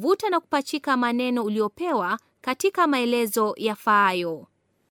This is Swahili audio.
vuta na kupachika maneno uliopewa katika maelezo yafaayo.